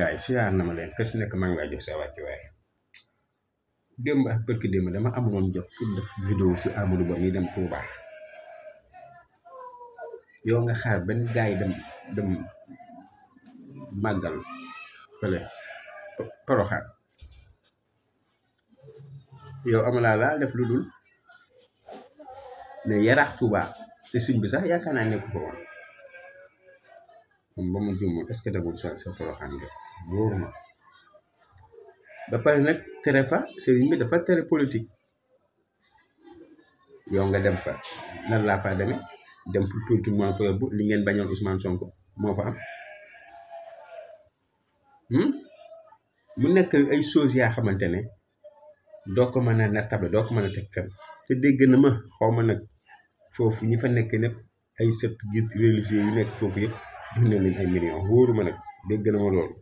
gars yi siyaar ma leen kër si nekk maa ngi lay jox sa wàccuwaay démb ak përki démb dama amuloon jot pour def vidéo si Amadou Ba mi dem Touba yow nga xaar benn gars yi dem dem màggal fële poroxaat yow amalaa laa def lu dul ne yaraax Touba te suñ bi sax yaakaar naa nekk ko woon moom mu juumul est-ce que demul sa sa poroxaan nga wóor ba pare nag tere fa sëriñ bi dafa tere politique yow nga dem fa lan laa fa demee dem pour politique moo fa yóbbu li ngeen bañoon soon ko moo fa am hmm? mu nekk ay soos yaa xamante ne doo ko mën a nattable doo ko mën a teg fenn te dégg na ma xaw ma nag foofu ñi fa nekk ñëpp ay set guides religieux yi nekk foofu yëpp dundee nañ ay millions wóoru ma nag dégg na ma loolu.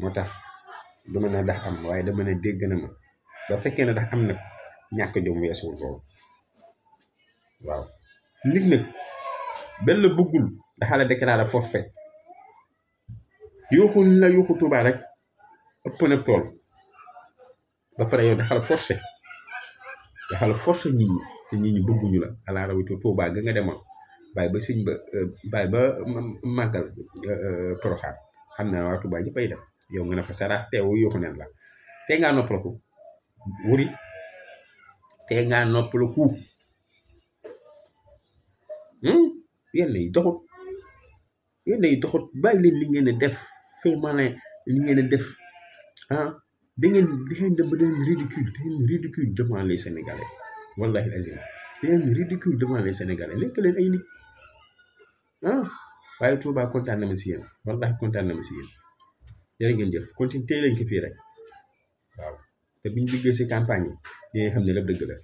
moo tax du mën a ndax am waaye dama ne dégg na ma ba fekkee ne ndax am nag ñàkk jom weesuwul loolu waaw nit nag benn bëggul daxa la déclaré forfait yuuxu la yuuxu Tuubaa rek ëpp na tool ba pare yow daxal forcé daxal forcé nit ñi la alaa rawatina Tuubaa ga nga demoon bàyyi ba sëñ ba euh, bàyyi ba mm, mm, màggal euh, euh, poroxaan am na waa Tuubaa ñëppay dem yow nga ne ko sarax teewu yuuxu nen la te ngaa noppaliku wuri te ngaa noppaliku hmm? yéen yi doxut yéen yi doxut bàyyi leen li ngeen di def fee maanaam li ngeen def ah da ngeen ba da ngeen ridicule da ngeen ridicule devant les sénégalais wallahi azim da ngeen ridicule devant les sénégalais nekk leen ay nit ah waaye Touba kontaan na ma si yéen wallahi kontaan na si yéen. jërë ngeen jëf continue tey lañ ko fii rek waaw te bu duggee si campagne yi di nga xam ne lépp dëgg la.